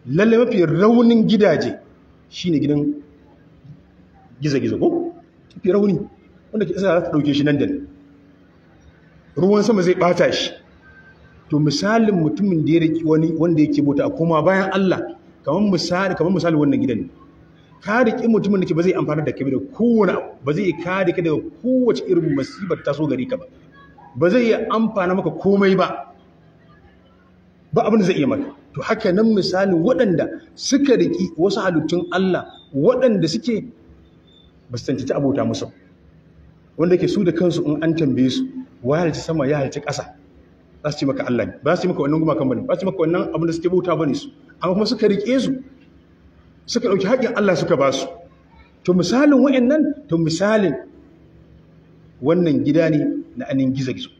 lalle mafi raunin gidaje shine gidan gizo-gizo ko tafi rauni wanda ke isa za ta ɗauke shi nan da nan ruwan sama zai ɓata shi to misalin mutumin da ya riki wani wanda yake bota a koma bayan Allah kamar misali kamar misali wannan gidan ka riki mutumin da ke ba zai amfana da kai da kowane ba zai kare ka daga kowace irin masibar taso gari ka ba ba zai iya amfana maka komai ba ba abin da zai iya maka to haka nan misalin waɗanda suka riki wasu halittun Allah waɗanda suke ba su abota musu wanda ke su da kansu in an tambaye su wa halitta sama ya halitta ƙasa za su ce maka Allah ba su ce maka wannan gumakan bane ba su ce maka wannan abin da suke bauta bane su amma kuma suka riƙe su suka ɗauki haƙƙin Allah suka ba su to misalin wa'annan to misalin wannan gida ne na anin gizo-gizo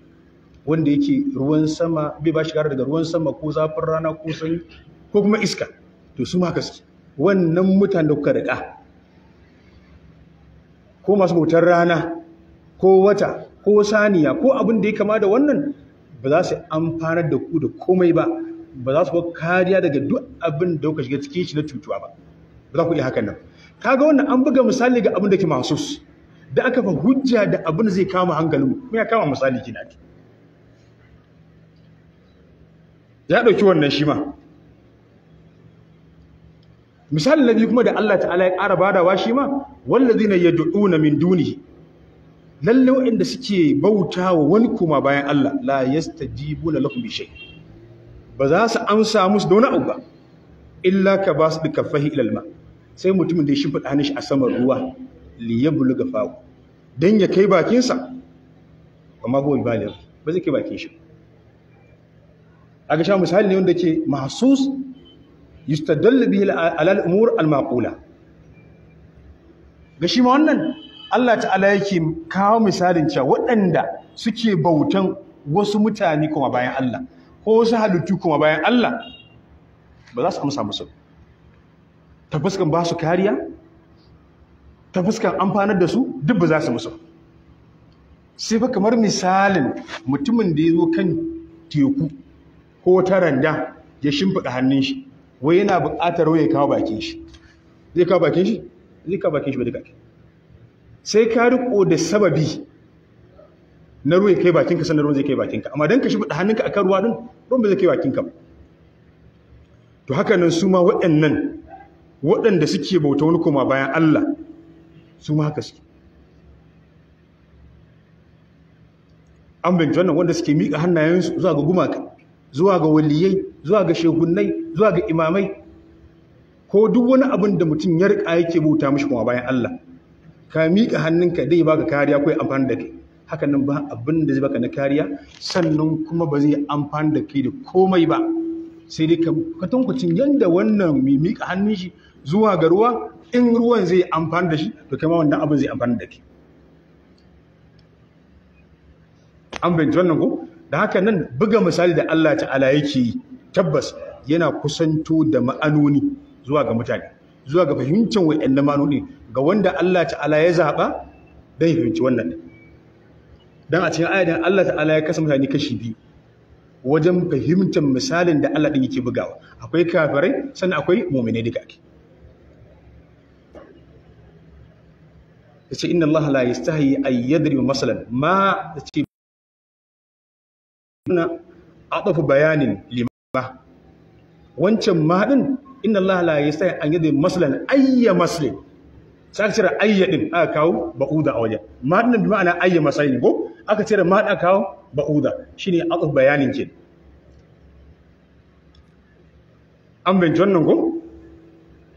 wanda yake ruwan sama bai ba shi daga ruwan sama ko zafin rana ko sanyi ko kuma iska to su ma haka suke wannan mutane da kuka riƙa ko masu bautar rana ko wata ko saniya ko abin da ya kama da wannan ba za su amfanar da ku da komai ba ba za su ba kariya daga duk abin da kuka shiga cikin shi na cutuwa ba ba za ku iya hakan nan kaga wannan an buga misali ga abin da ke su? da aka fa hujja da abin zai kama hankalin mu ya kama misali kina ya dauki wannan shi ma misali na biyu kuma da Allah ta'ala ya ƙara badawa shi ma wallazina yad'una min dunihi lalle waɗanda suke bauta wa wani kuma bayan Allah la jibu, na bi shay ba za su amsa musu da wani abu ba illa ka ba su duka fahi sai mutumin da ya shi faɗa shi a saman ruwa li yabluga fawo dan ya kai bakinsa amma gobe baliyar ba zai kai bakin shi aga sha misali ne wanda ke mahsus يستدل به على umur al maqula ga ma wannan Allah ta'ala yake kawo misalin cewa waɗanda suke bautan wasu mutane kuma bayan Allah ko wasu halittu kuma bayan Allah ba za su amsa musu ta fuskan ba su kariya ta fuskan amfanar da su duk ba za su musu sai fa kamar misalin mutumin da ya zo kan teku ko wata randa ya shimfiɗa hannun shi wai yana buƙatar wai kawo bakin shi zai kawo bakin shi zai kawo bakin shi ba duka sai ka riko da sababi na ruwa kai bakinka sannan ruwan zai kai bakinka amma don ka shi buɗe hannunka a kan ruwa don, ruwan ba zai kai bakinka ba to haka nan su ma waɗannan waɗanda suke bauta wani koma bayan Allah su ma haka suke an binci wannan wanda suke miƙa hannayensu zuwa ga gumaka zuwa ga waliyai zuwa ga shehunnai zuwa ga imamai ko duk wani abin da mutum ya rika yake bauta mishi kuma bayan Allah ka miƙa hannunka dai baka kariya ko amfani da kai hakan nan ba abin da zai baka na kariya sannan kuma ba zai amfani da kai da komai ba sai dai ka tunkucin yanda wannan mai miƙa hannun shi zuwa ga ruwa in ruwan zai amfani da shi to kai ma wannan abin zai amfani da kai an bayyana wannan ko da haka nan buga misali da Allah ta'ala yake tabbas yana kusanto da ma'anoni zuwa ga mutane zuwa ga fahimtar wa'annan ma'anoni ga wanda Allah ta'ala ya zaba dan fahimci wannan Don a cikin ayyadin Allah ta'ala ya kasa mutane kashi biyu wajen fahimtar misalin da Allah ɗin yake bugawa akwai kafirai sannan akwai mu'minai duka ake yace inna Allah la yastahi masalan ma na ɗafa bayanin lima wancan maɗin din inna Allah la sai an yadda maslan ayya maslin sai aka cire ayya din aka kawo ba'uda a wajen maɗin din bi ma'ana ayya maslin ko aka cire maɗin aka kawo ba'uda shine ɗafa bayanin kin an binci wannan ko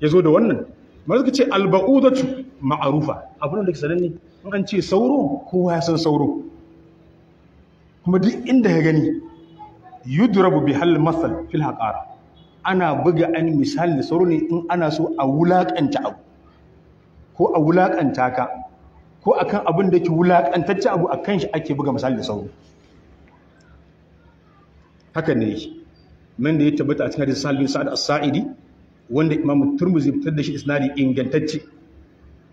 ya zo da wannan ma suka ce alba'udatu ma'arufa abin da ke sananne ne an ce sauro kowa ya san sauro kuma duk inda ya gani yudrabu bi hal masal fil haqara ana buga an misal da sauro ne in ana so a wulakanta abu ko a wulakanta ka ko akan abin da yake wulakantacce abu akan shi ake buga misal da sauro haka ne man da ya tabbata a cikin hadisi salihu sa'ad as-sa'idi wanda imamu turmuzi fitar da shi isnadi ingantacce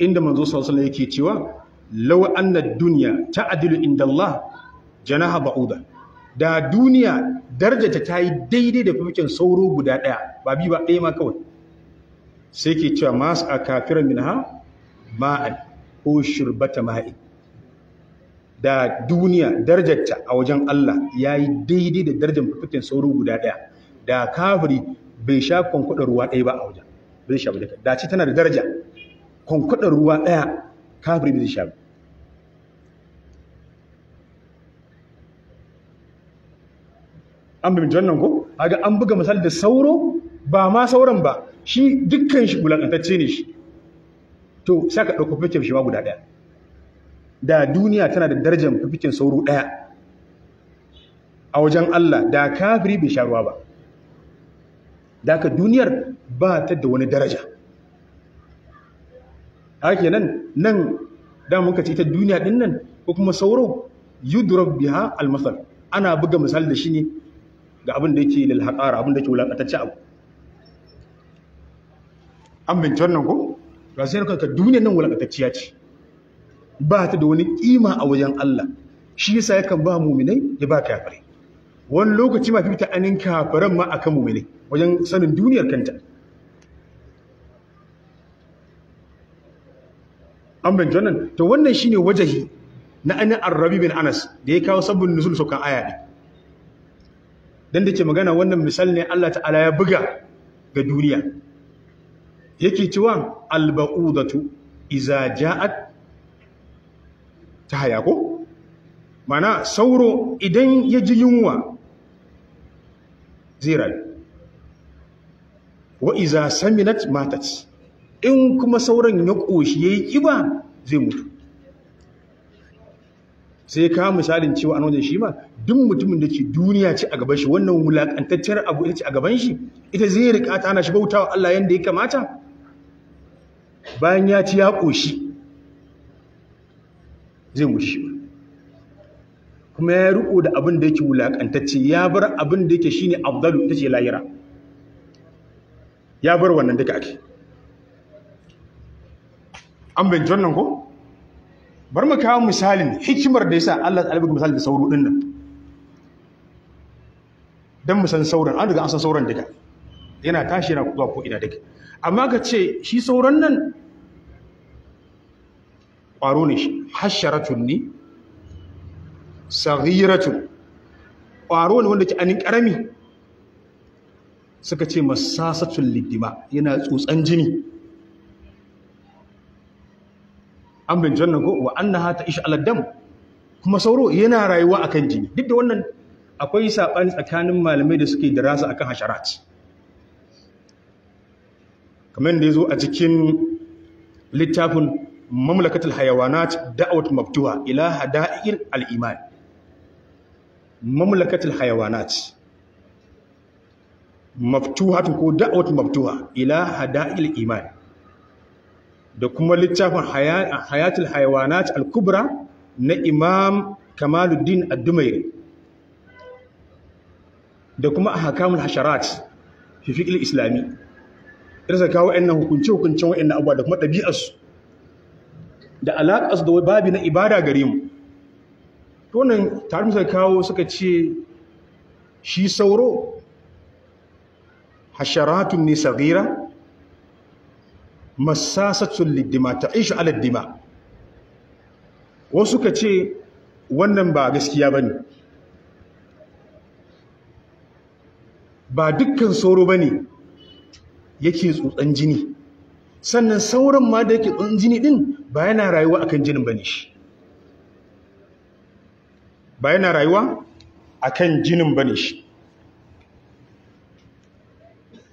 inda manzo sallallahu alaihi wasallam yake cewa law anna ad-dunya ta'dilu inda Allah janaha ba'uda da duniya darjata ta yi daidai da fifikin sauro guda ɗaya ba bi ba ɗaya ma kawai sai ke cewa masu a kafiran minha ma'an ko shirbata ma'in da duniya darjata a wajen Allah ya yi daidai da darjar fifikin sauro guda ɗaya da kafiri bai sha kwankwada ruwa ɗaya ba a wajen bai sha ba da ce tana da daraja kwankwada ruwa ɗaya kafiri bai sha ba an bimci nan ko kaga an buga misali da sauro ba ma sauran ba shi dukkan shi bulakantacce ne shi to sai ka ɗauka fikin shi ma guda ɗaya da duniya tana da darajar fikin sauro ɗaya a wajen Allah da kafiri bai sha ruwa ba da ka duniyar ba ta da wani daraja haka nan nan da muka ce ta duniya ɗin nan ko kuma sauro yudrab biha almasal ana buga misali da shi ne ga abin da yake lalhaƙara abin da yake wulaƙatacce abu an binci wannan ko ga sai ka duniyar nan wulakatacciya ce ba ta da wani kima a wajen Allah shi yasa yakan ba mu'minai ya ba kafirai wani lokaci ma fita anin kafiran ma akan mu'minai wajen sanin duniyar kanta an binci wannan to wannan shine wajahi na anin arrabi bin anas da ya kawo sabbin nusul sukan aya dan da ke magana wannan misal ne Allah ta'ala ya buga ga duniya yake cewa alba'udatu iza ja'at ta haya ko mana sauro idan ya ji yunwa ziral wa iza saminat matat in kuma sauran ya koshi yayi kiba zai mutu sai ka misalin cewa an wajen shi ma duk mutumin da ke duniya ce a gaban shi wannan wulaƙantaccen abu ita ce a gaban shi ita zai rika ta ana shi wa Allah yadda ya kamata bayan ya ci ya ƙoshi zai mushi ba kuma ya riko da abin da yake wulakantacce ya bar abin da yake shine Abdalu ita ce layira. ya bar wannan duka ake an John nan ko bar mu kawo misalin hikimar da yasa Allah ta albuga misalin da sauro din nan dan mu san sauran an daga an san sauran daga yana tashi yana kuwa ko ina duka amma ka ce shi sauran nan ƙwaro ne shi hasharatun ni. saghiratun ƙwaro ne wanda ke anin karami suka ce masasatul liddima yana tsotsan jini an bin janna go wa annaha ta'ish ala dam kuma sauro yana rayuwa akan jini duk da wannan akwai saɓani tsakanin malamai da suke darasa akan hasharat kamar da ya zo a cikin littafin mamlakatul hayawanat da'wat mabtuha ila hada'il al-iman mamlakatul hayawanat mabtuha ko da'wat mabtuha ila hada'il iman da kuma littafin hayatul haiwanat al-kubra na imam kamaluddin ad da kuma a ahkamul hasharat fi fiqh islami irsa kawo 'yan hukunce hukuncen wayannan abuwa da kuma ɗabi'arsu da alaƙarsu da babi na ibada gare mu to nan tare suka kawo suka ce shi sauro hasharatun ne saghira masasatul liddima ta'ishu ala dima wasu ka ce wannan ba gaskiya ne. ba dukkan sauro bane yake tsutsan jini sannan sauran ma da yake tsutsan jini din ba yana rayuwa akan jinin bane shi ba yana rayuwa akan jinin shi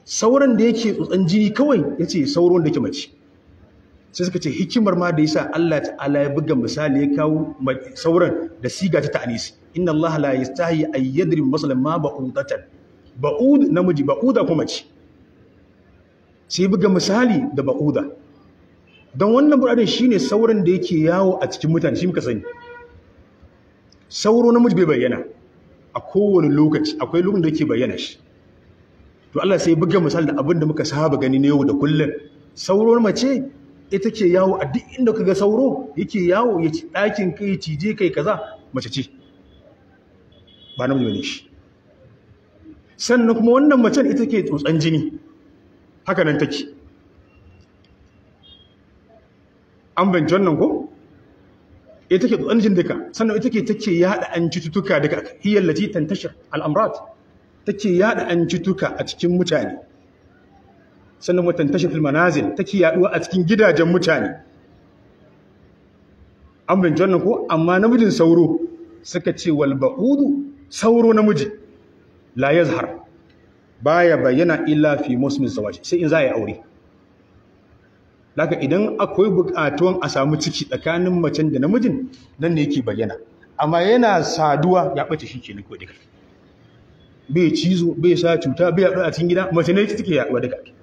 sauran da yake tsotsan jini kawai ya ce sauron da ke mace sai suka ce hikimar ma da yasa Allah ta'ala ya buga misali ya kawo sauran da siga ta ta'anisi inna Allah la yastahi ay yadrib masalan ma ba'udatan ba'ud namiji ba'uda kuma mace sai buga misali da ba'uda don wannan buradin shine sauran da yake yawo a cikin mutane shi muka sani sauro namiji bai bayyana a kowane lokaci akwai lokacin da yake bayyana shi to Allah sai buga misali da abin da muka saba gani ne yau da kullum sauro mace ita ke yawo a duk inda kaga sauro yake yawo ya ci ɗakin kai cije kai kaza mace ce ba na ne shi sannan kuma wannan macen ita ke tsotsan jini haka nan take an banci wannan ko ita ke tsotsan jini duka sannan ita ke take yada an cututtuka duka hiyallati tantashir al'amrat take yada an cutuka a cikin mutane sannan watan tashar manazil take yaduwa a cikin gidajen mutane an binci wannan ko amma namijin sauro suka ce walba'udu ba'udu sauro namiji la ba baya bayyana illa fi musmin zawaci sai in za a yi aure Laka idan akwai bukatuwan a samu ciki tsakanin macen da namijin nan ne yake bayyana amma yana saduwa ya ɓace shi ke ko bai cizo bai sa cuta bai yaɗu a cikin gida mace ne ta take yaɗuwa daga ake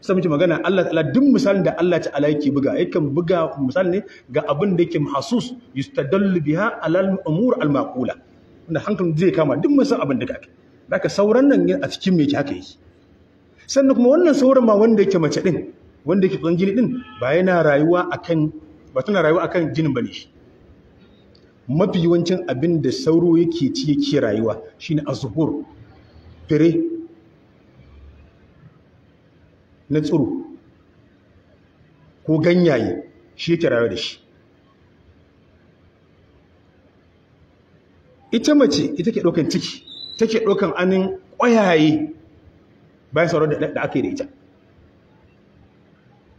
sai muke magana Allah ta'ala duk misalin da Allah ta'ala yake buga yakan buga misal ne ga abin da yake mahsus yustadallu biha alal umur al maqula wanda hankalin zai kama duk misal abin da kake daga sauran nan a cikin me haka yi. sannan kuma wannan sauran ma wanda yake mace din wanda yake tsangini din ba yana rayuwa akan ba tana rayuwa akan jinin bane shi mafi yawancin abin da sauro yake ci yake rayuwa shine azhur fire na tsoro, ko ganyaye shi yake rayuwa da shi ita mace ita ke ɗaukan ciki ta ke ɗaukan anin ƙwayaye bayan sauro da aka yi da ita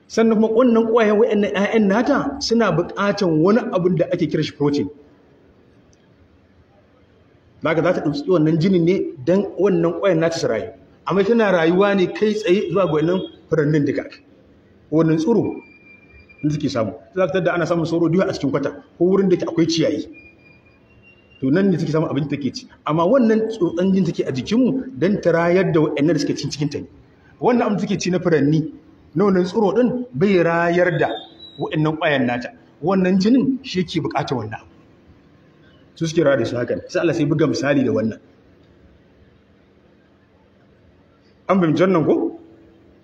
sannan kuma wannan ƙwayayen wa'annan 'ya'yan nata suna buƙatar wani abin da ake kira shi protein zaka za ta ɗauki wannan jinin ne don wannan ƙwayan nata ta rayu amma tana rayuwa ne kai tsaye zuwa ga wannan furannin duka wannan tsuro da suke samu za ka tada ana samun sauro biyu a cikin kwata ko wurin da ke akwai ciyayi to nan ne suke samun abin da take ci amma wannan tsotsan jin take a jikinmu don ta rayar da waɗannan da suke cin cikin ta ne wannan abin suke ci na furanni na wannan tsuro din bai rayar da waɗannan ƙwayan nata wannan jinin shi yake buƙatar wannan abu su suke rada shi hakan sai Allah sai buga misali da wannan an bin jannan ko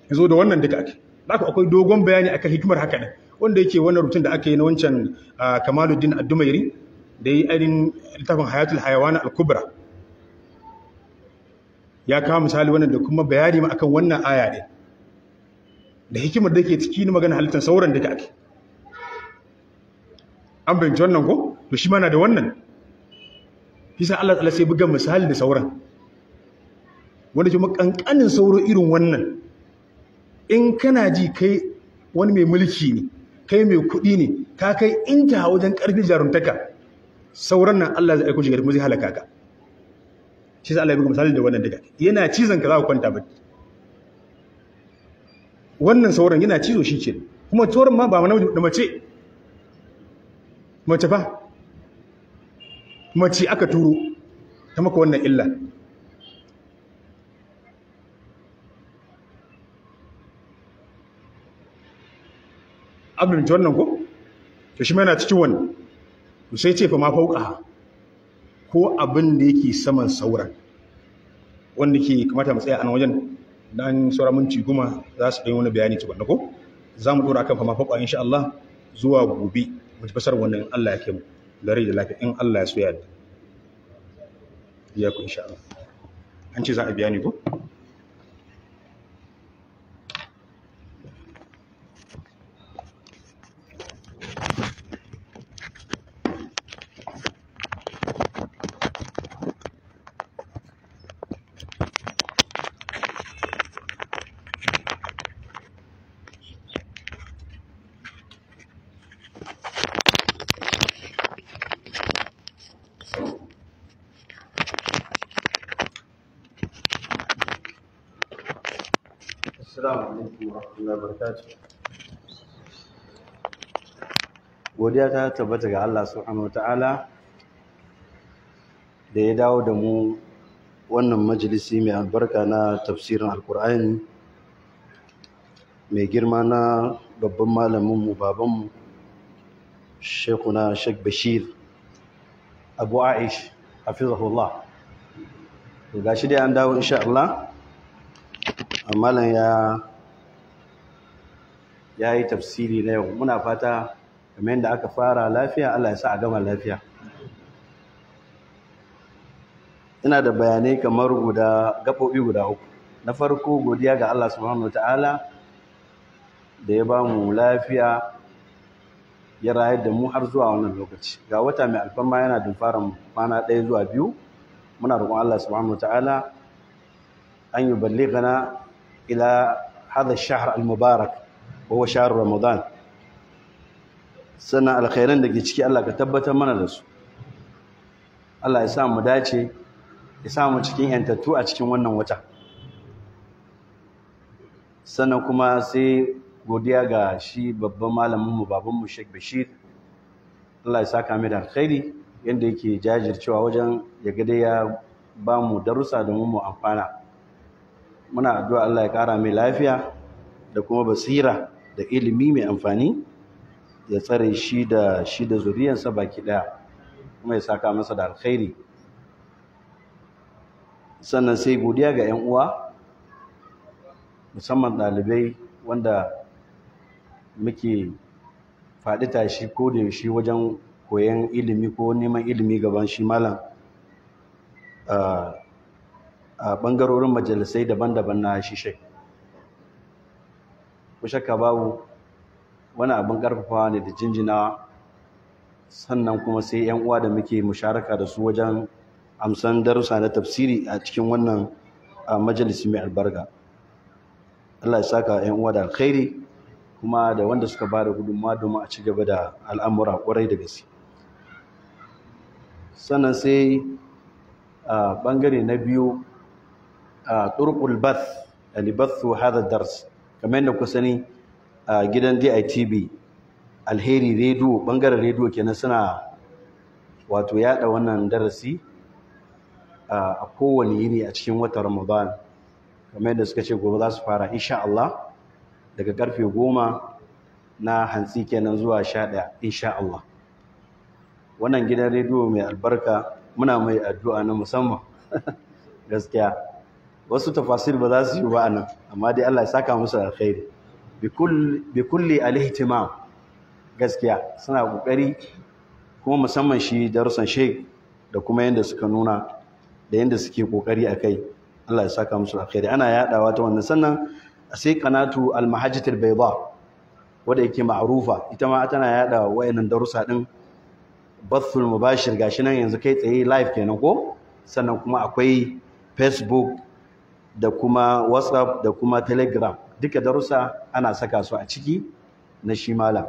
yazo da wannan duka ake haka akwai dogon bayani akan hikimar haka ne wanda yake wannan rutun da aka yi na wancan Kamaluddin Addumairi da yi ainihin littafin Hayatul Hayawan Al-Kubra ya kawo misali wannan da kuma bayani ma akan wannan aya ne da hikimar da ke ciki ni magana halittar sauran duka ake an bin jannan ko to shi mana da wannan shi sa Allah sai buga misali da sauran wanda kuma kankanin sauro irin wannan in kana ji kai wani mai mulki ne kai mai kuɗi ne ka kai inta wajen ƙarfi jaruntaka sauran nan Allah zai aiko shi kuma zai halaka ka shi sa Allah ya buga misali da wannan daga yana cizon ka za ka kwanta ba wannan sauran yana cizo shi ke kuma torin ma ba na mace mace fa mace aka turo ta maka wannan illa abin wannan ko ta shi yana cikin wani sai ce fa ma fauka ko abin da yake saman sauran wanda ke kamata mu tsaya a wajen dan sauran minti goma za su ɗaya wani bayani tukunna ko za mu ɗora kan fa ma fauka insha Allah zuwa gobe mu fasar wannan Allah ya kai mu da da lafiya in Allah ya so ya ku insha'a an ce za a biya ni ko godiya ta tabbata ga Allah subhanahu da ya dawo da mu wannan majalisi mai albarka na tafsirin alkur'ani mai girma na babban malaminmu babanmu shekuna shek bashir abu aish hafizahullah to gashi dai an dawo insha Allah malam ya ya yi tafsiri na yau muna fata kamar yadda aka fara lafiya Allah ya sa a gama lafiya ina da bayanai kamar guda gaɓoɓi guda uku na farko godiya ga Allah subhanahu ta'ala da ya ba mu lafiya ya rayar da mu har zuwa wannan lokaci ga wata mai alfarma yana da fara kwana ɗaya zuwa biyu muna roƙon Allah subhanahu ta'ala an yi ila hada shahar shahr al-mubarak wa shahar ramadan sannan alkhairan da ke ciki Allah ka tabbatar mana da su Allah ya sa mu dace ya sa mu cikin yantattu a cikin wannan wata sannan kuma sai godiya ga shi babban malaminmu babanmu Sheikh Bashir Allah ya saka mai da alkhairi yanda yake jajircewa wajen ya ga ya ba mu darussa domin mu amfana muna addu'a Allah ya kara mai lafiya da kuma basira da ilimi mai amfani ya tsare shi da shi da zuriyarsa baki daya kuma ya saka masa da alkhairi sannan sai godiya ga 'yan uwa musamman ɗalibai wanda muke faɗi tashi ko da yaushe wajen koyon ilimi ko neman ilimi gaban shi malam a ɓangarorin majalisai daban-daban na shishai. ku shakka babu wani abin karfafawa ne da jinjina sannan kuma sai yan uwa da muke musharaka da su wajen amsan darussa na tafsiri a cikin wannan majalisi mai albarka Allah ya saka yan uwa da alkhairi kuma da wanda suka ba da gudunmawa domin a ci gaba da al'amura kwarai da gaske sannan sai a bangare na biyu a turkul bath alibathu hadha dars kamar yadda ku sani a gidan DITB alheri rediyo bangaren rediyo kenan suna wato yada wannan darasi a kowane yini a cikin watan Ramadan kamar yadda suka ce gobe za su fara insha Allah daga karfe goma na hantsi kenan zuwa sha ɗaya insha Allah wannan gidan rediyo mai albarka muna mai addu'a na musamman gaskiya wasu tafasir ba za su yi ba nan amma dai Allah ya saka musu alkhairi bi kulli al-ihtimam gaskiya suna kokari kuma musamman shi darussan sheik da kuma yanda suka nuna da yanda suke kokari akai Allah ya saka musu alkhairi ana yadawa ta wannan sannan sai kanatu al-mahajjatul bayda wanda yake ma'rufa ita ma tana yada wayannan darussa din bathul mubashir gashi nan yanzu kai tsaye live kenan ko sannan kuma akwai facebook da kuma whatsapp da kuma telegram duka darussa ana saka su a ciki na shi malam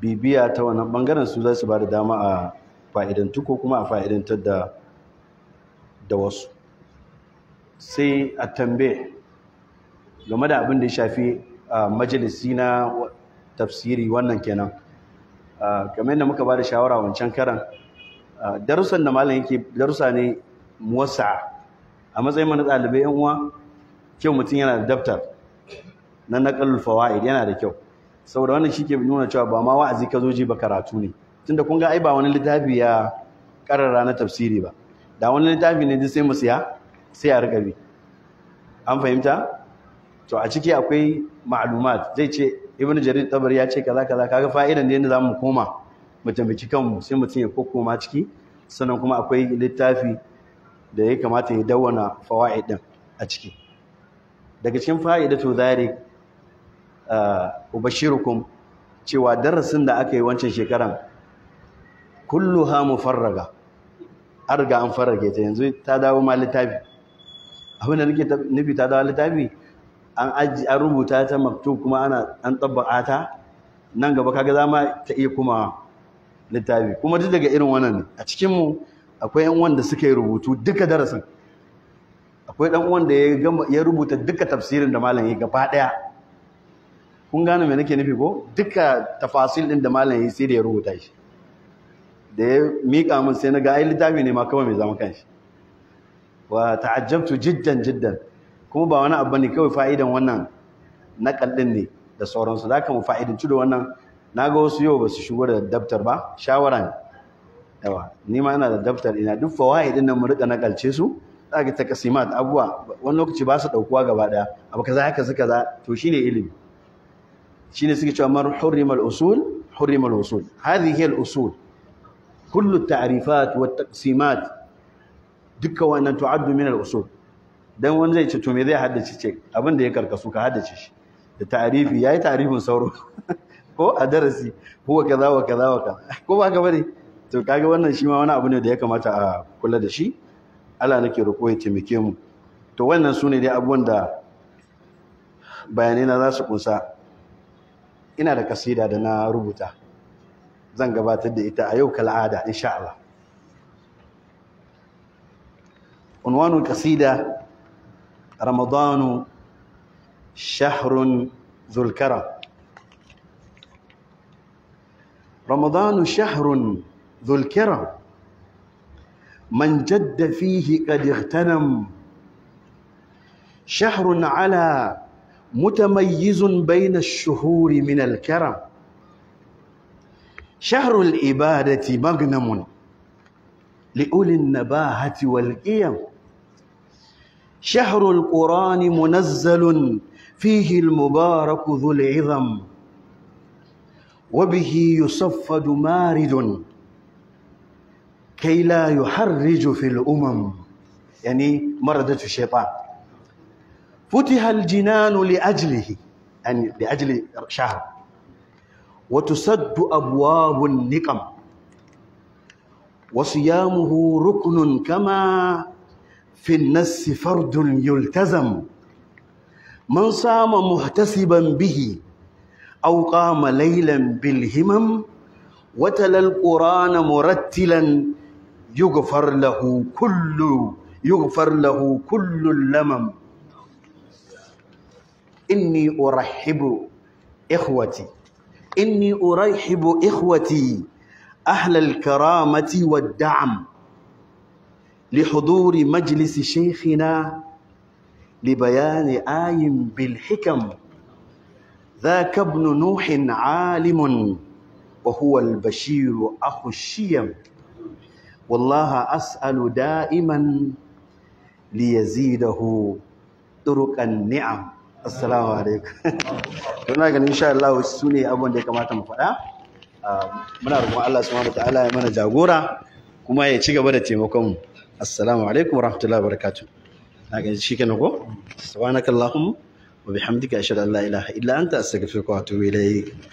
bibiya ta wannan bangaren su za su ba da dama a fa'idantu ko kuma a fa'idantar da da wasu sai a tambaye game da abin da ya shafi majalisi na tafsiri wannan kenan kamar yadda muka ba da shawara wancan karan darussan da malam yake darussa ne Musa. a matsayin mana ɗalibai yan uwa kyau mutum yana da daftar na naqalul fawaid yana da kyau saboda wannan shike nuna cewa ba ma wa'azi ka zo ji ba karatu ne tunda kun ga ai ba wani littafi ya karara na tafsiri ba da wani littafi ne sai mu siya sai a riƙa an fahimta to a ciki akwai ma'lumat zai ce ibnu jarir tabar ya ce kaza kaza kaga fa'idan da yanda zamu koma mu tambaci kanmu sai mutum ya kokoma ciki sannan kuma akwai littafi da ya kamata ya dawana fawaid din a ciki daga cikin fa'idatu zari ubashirukum cewa darasin da aka yi wancan shekaran kulluha mufarraga an riga an farrage ta yanzu ta dawo ma littafi abin da nake nufi ta dawo littafi an rubuta ta maktub kuma ana an tabbata ta nan gaba kaga zama ta iya kuma littafi kuma duk daga irin wannan ne a cikin mu akwai yan wanda suka yi rubutu duka darasin akwai dan wanda ya rubuta duka tafsirin da malam yi gaba daya kun gane me nake nufi ko duka tafasil din da malam yi sai da ya rubuta shi da ya mika min sai na ga ai littafi ne ma kawai mai zama kanshi wa ta'ajjabtu jiddan jiddan kuma ba wani abu ne kawai fa'idan wannan nakal din ne da sauransu da haka mu fa'idanci da wannan naga wasu yau ba su shigo da daftar ba shawara ne yawa ni ma ina da daftar ina duk fawaidin nan mu rika nakalce su zaka ta kasimat abuwa wani lokaci ba su daukuwa gaba daya abu kaza haka suka za to shine ilimi shine suke cewa mar hurrimal usul hurrimal usul hadhihi al usul kullu at-ta'rifat wa taqsimat dukkan wannan tu'addu min al usul dan wani zai ce to me zai haddace ce abin da ya karkasu ka haddace shi da ta'arifi yayi ta'arifin sauro ko a darasi huwa kaza wa kaza wa kaza ko ba ka bane to kaga wannan shi ma wani abu ne da ya kamata a kula da shi Allah nake roƙo ya taimake mu to wannan sune dai abubuwan da bayanai na za su kunsa ina da kasida da na rubuta zan gabatar da ita a yau kal'ada insha Allah unwanul kasida ramadanu shahrun zulkara ramadanu shahrun ذو الكرم من جد فيه قد اغتنم شهر على متميز بين الشهور من الكرم شهر الإبادة مغنم لأولي النباهة والقيم شهر القرآن منزل فيه المبارك ذو العظم وبه يصفد مارد كي لا يحرج في الأمم يعني مردة الشيطان فتح الجنان لأجله يعني لأجل شهر وتسد أبواب النقم وصيامه ركن كما في النس فرد يلتزم من صام محتسبا به أو قام ليلا بالهمم وتلا القرآن مرتلا يغفر له كل يغفر له كل اللمم إني أرحب إخوتي إني أرحب إخوتي أهل الكرامة والدعم لحضور مجلس شيخنا لبيان آي بالحكم ذاك ابن نوح عالم وهو البشير أخو الشيم wallaha as'alu da'iman liyazidahu turuqan ni'am assalamu alaikum to na ganin insha Allah su ne abin da ya kamata mu faɗa ah, muna roƙon Allah subhanahu wataala ya mana jagora kuma ya ci gaba da taimakon mu assalamu alaikum warahmatullahi wabarakatuh na ganin shi kenan ko subhanakallahumma wa bihamdika ashhadu an la ilaha illa anta astaghfiruka wa atubu ilaik